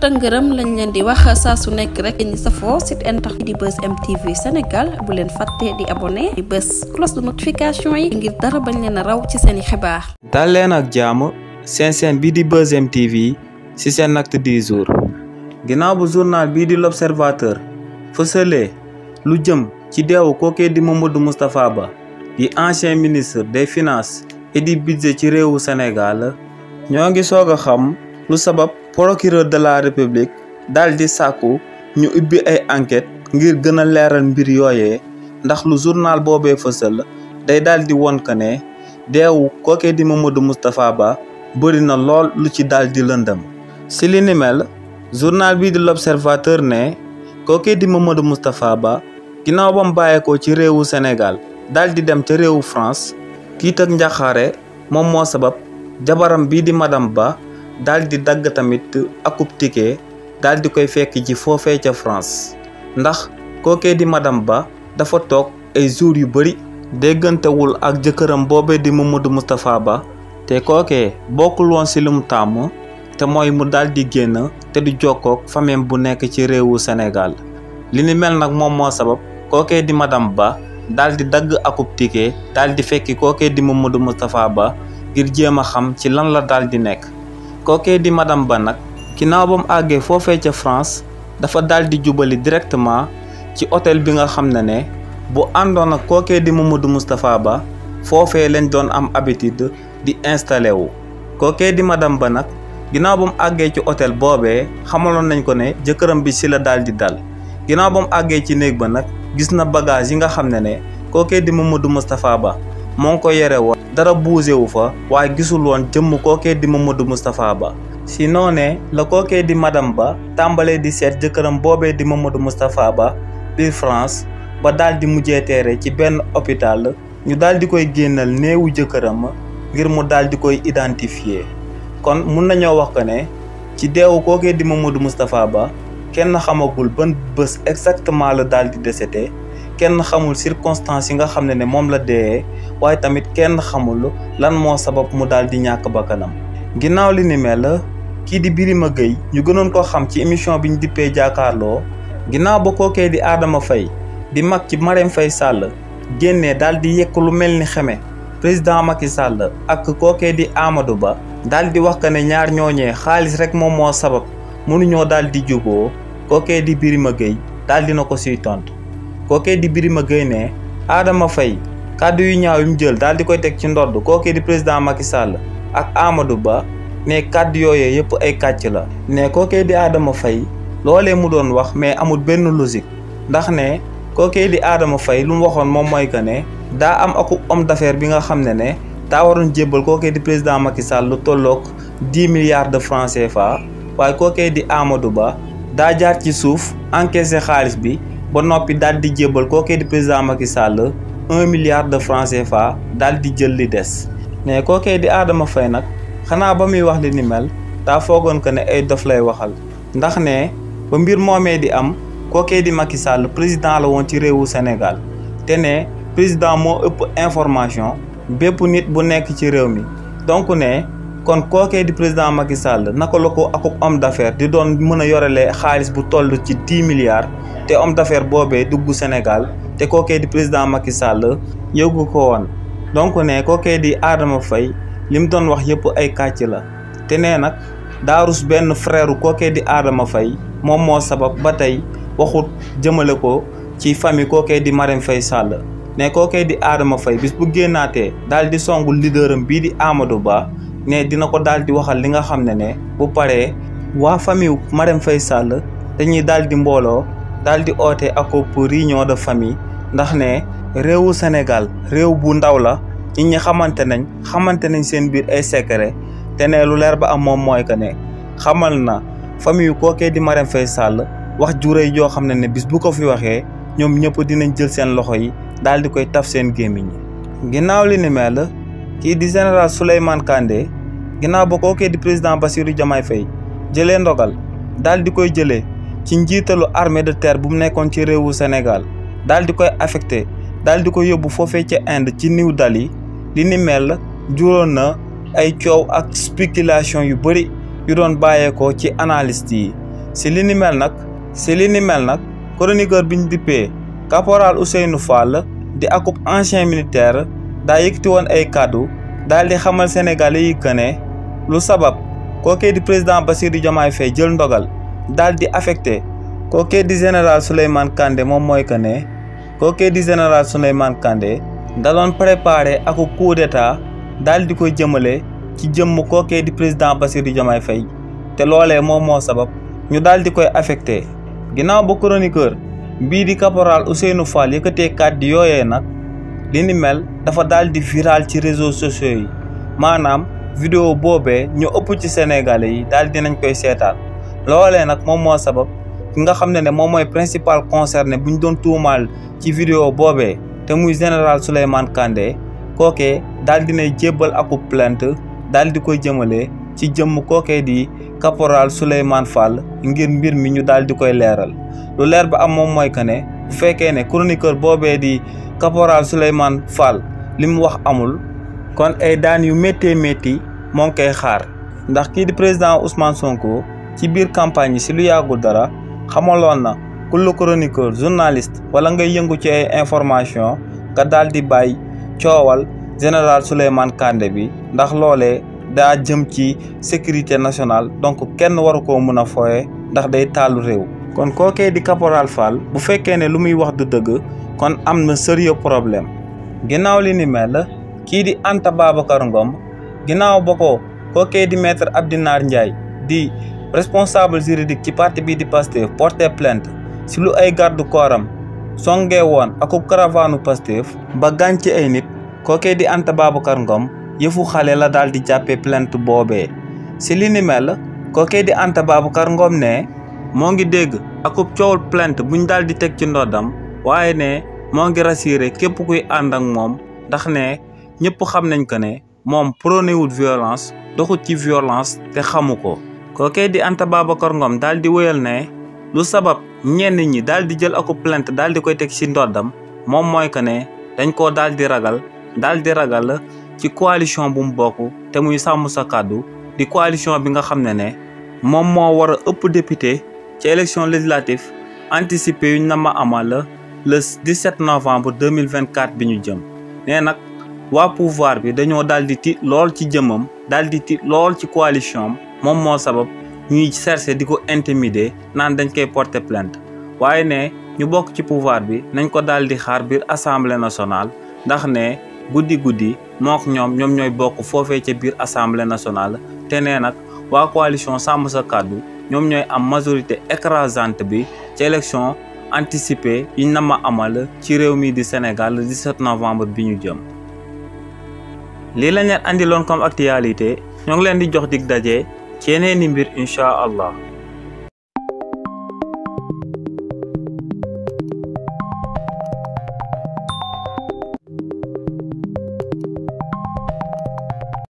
tëngërëm lañ leen di wax saa su nekk rek ñi safoo site internet di bës mtv Senegal bu leen fàtte di abonné di bës cloche de notification yi ngir dara bañ leen a raw ci seeni xibaar dal leen ak jaamu seen seen bi di bës mtv si seen acte du jour ginnaaw bu journal bii di l'observateur fësalee lu jëm ci deewu di mamadou moustapha ba di ancien ministre des finances et du budget ci réewu sénégal ñoo ngi soog xam lu sabab procureur de la république daal di sàkku ñu ubbi ay enquête ngir gën a leeral mbir yooye ndax lu journal boobee fësal day daal di won ka ne deewu kookee di Mamadou Moustapha Ba bëri na lool lu ci daal di lëndëm si li ni mel journal bii di l'observateur ne kookee di Mamadou Moustapha Ba ginnaaw bam bàyyeekoo ci réewu Sénégal daal di dem ca réewu France kiit ak moom moo sabab jabaram bii di madame Ba daldi dagg tamit akub ticket daal koy fekk ji foofee ca France ndax kookee di madame Ba dafa toog ay jours yu bari déggantewul ak jëkkëram boobee di Mamadou Moustapha Ba te kookee bokkul woon ci lu mu tàmm te mooy mu daal di génn te du jokkook famem bu nekk ci réewu senegal li ni mel nag moom moo sabab kookee di madame Ba daal di dagg akub ticket daal di fekki kookee di Mamadou Moustapha Ba ngir jéem a xam ci lan la daal di nekk kookee di madame ba nag ginnaaw ba mu àggee foofee ca France dafa daal di jubali directement ci hôtel bi nga xam ne ne bu àndoon ak kookee di mu Mamadou Moustapha Ba foofee leen doon am habitude di installé wu. kookee di madame ba nag ginnaaw ba mu àggee ci hôtel boobee xamaloon nañ ko ne jëkkëram bi si la daal di dal ginnaaw ba mu àggee ci néeg ba nag gis na bagage yi nga xam ne ne kookee di mu Mamadou Moustapha Ba moo ngi ko yore woon dara bougé wu fa waaye gisul woon jëmm kookee di ma Mamadou Moustapha Ba si noonee la kookee di madame Ba tàmbalee di seet jëkkëram boobee di Mamadou Moustapha Ba biir France ba daal di mujjee teere ci benn hôpital ñu daal di koy génnal néewu jëkkëram ngir mu daal di koy identifier kon mun nañoo wax ko ne ci deewu kookee di ma Mamadou Moustapha Ba kenn xamagul ban bés exactement la daal di décédé kenn xamul circonstances yi nga xam ne ne moom la dee waaye tamit kenn xamul lan moo sabab mu daal di ñàkk bakkanam ginnaaw li ni mel kii di Birima Gueye ñu gënoon ko xam ci émission bi ñu dippee jàkkaarloo ginnaaw ba kookee di aadama fay di mag ci Marème fay sàll génnee daal di yekk lu mel ni xeme président Macky Sall ak kookee di Amadou Ba daal di wax que ne ñaar ñooñee xaalis rek moom moo sabab mënuñoo daal di juboo kookee di Birima Gueye daal dina ko siy koke di biri ma ne Adama Faye kaddu yu ñaaw yum jël dal di koy tek ci ndodd di président Macky Sall ak Amadou Ba ne kaddu yoyé yépp ay katch la ne ke di Adama Faye lolé mu doon wax mais amul benn logique ndax ne kookee di Adama Faye lu mu waxoon moom mooy am aku homme d'affaires bi nga xamné ne da waron djébal jébbal di président Macky Sall lu tolloog 10 milliards de francs CFA di Amadou Ba da jaar ci souf encaisser xaalis bi ba noppi daal di jébbal kookee di président Macky Sall un milliard de francs CFA daal di jël li des mais kookee di aadama fay nag xanaa ba muy wax li ni mel daa foogoon ko ne ay dof lay waxal ndax ne ba mbir moomee di am kookee di Macky Sall président la woon ci réewu Sénégal te ne président moo ëpp information bépp nit bu nekk ci réew mi donc ne kon kookee di président Macky Sall naka la ko akub homme d'affaires di doon mën a yorelee xaalis bu toll ci dix milliards te homme d'affaires boobee dugg Sénégal te kookee di président Macky Sall yëgu ko woon donc ne kookee di aadama fay li mu doon wax yëpp ay kàcc la te nee nag daarus benn frère kookee di Adama fay moom moo sabab ba tey waxut jëmale ko ci famille kookee di Marème fay Sall ne kookee di aadama fay bis bu génnaatee daal di songu leaderam bii di Amadou Ba ne dina ko daal di waxal li nga xam ne ne bu paree waa famille Marème Faye Sall dañuy daal di mbooloo daal di oote akop réunion de famille ndax ne réewu senegal réew bu ndaw la nit ñi xamante nañ xamante nañ seen biir ay secret te ne lu leer ba am moom mooy que ne xamal na famille kookee di Marème Faye Sall wax juréy joo xam ne ne bis bu ko fi waxee ñoom ñëpp dinañ jël seen loxo yi daal di koy taf seen gémmiñ yi ginnaaw li ni mel kii di général Souleymane Kandé ginnaaw ba kookee di président ba Bassirou Diomaye fay jëlee ndogal daal di koy jëlee ci njiitalu armée de terre bu mu nekkoon ci réewu Sénégal daal di koy affecté daal di ko yóbbu foofee ca Inde ci New dali li ni mel juróon na ay coow ak spéculation yu bëri yu doon bàyyeekoo ci analyste yi si li ni nag si li ni mel nag chroniqueur bi ñu dippee caporal Ousseynou Fall di akub ancien militaire daa yëkkati woon ay kàddu daal di xamal sénégalais yi que lu sabab kookee di président ba Bassirou Diomaye Faye jël ndogal daal di affecté kookee di général Souleymane Kandé moom mooy que ne kookee di général Souleymane Kandé da loon préparé aku coup d'état daal di koy jëmale ci jëmm kookee di président Bassirou Diomaye fay te loolee moom moo sabab ñu daal di koy affecté ginnaaw ba chroniqueur bii di caporal Ousseynou Fall yëkkatee kàddu yooye nag li ni mel dafa daal di viral ci réseaux sociaux yi maanaam vidéo boobee ñu ëpp ci sénégalais yi daal dinañ koy seetaan loolee nag moom moo sabab ki nga xam ne ne moom mooy principal concerné bu ñu doon tuumaal ci vidéo boobee te muy général Souleymane Kandé kooke daal dinay jébbal akub plainte daal di koy jëmale ci jëmm kookee di caporal Souleymane Fall ngir mbir mi ñu daal di koy leeral lu leer ba am moom mooy que ne bu fekkee ne chroniqueur boobee di caporal Souleymane Fall li mu wax amul kon ay daan yu méttee métti moo ngi koy xaar ndax kii di président Ousmane Sonko. ci biir campagne yi si lu yàggul dara xamaloon na ku la chroniqueur journaliste wala ngay yëngu ci ay information nga daal di bàyyi coowal général Souleymane kande bi ndax loole daa jëm ci sécurité nationale donc kenn waru ko mën a fooye ndax day taalu réew kon kookee di caporal Fall bu fekkee ne lu muy wax du dëgg kon am na sérieux problème ginnaaw li ni mel kii di Anta Babacar Ngom ginnaaw ba ko kookee di maître Abdinaar Ndiaye di responsable juridique ci parti bii di Pastef porté plainte si lu ay garde corps am songee woon akub caravanu Pastef ba gaañ ci ay nit kookee di Anta Babacar yëfu xale la daal di jàppee plainte boobee si li ni mel kookee di Anta Babacar ne moo ngi dégg akub coowul plainte buñ daal di teg ci ndoddam waaye ne moo ngi rassuré képp kuy ànd ak moom ndax ne ñëpp xam nañ ko ne moom prôné wul violence doxut ci violence te xamu ko kookee di Anta Babacar Ngom daal di wéyal ne lu sabab ñenn ñi daal di jël aku plainte daal di koy teg ci ndoddam moom mooy que ne dañ koo daal di ragal daal di ragal ci coalition bu mu bokk te muy sàmm sa kàddu di coalition bi nga xam ne ne moom moo war a ëpp député ci élection législative yu ñu na ma amal le 17 novembre 2024 bi ñu jëm nee nag waa pouvoir bi dañoo daal di tiit lool ci jëmam daal di tiit lool ci coalition am moom moo sabab ñuy chercher di ko intimider naan dañ koy porter plainte waaye ne ñu bokk ci pouvoir bi nañ ko daal di xaar biir assamble nationale ndax ne guddi guddi mook ñoom ñoom ñooy bokk foofee ca biir assamble nationale te nee nag waa coalition sàmm sa kàddu ñoom ñooy am majorité écrasante bi ci élection anticipée yi na ma amal ci réew mi di Sénégal le 17 novembre bi ñu jëm. lii la ñu comme actualité ñoo ngi leen di jox dig daje. Kene'nin bir inşallah.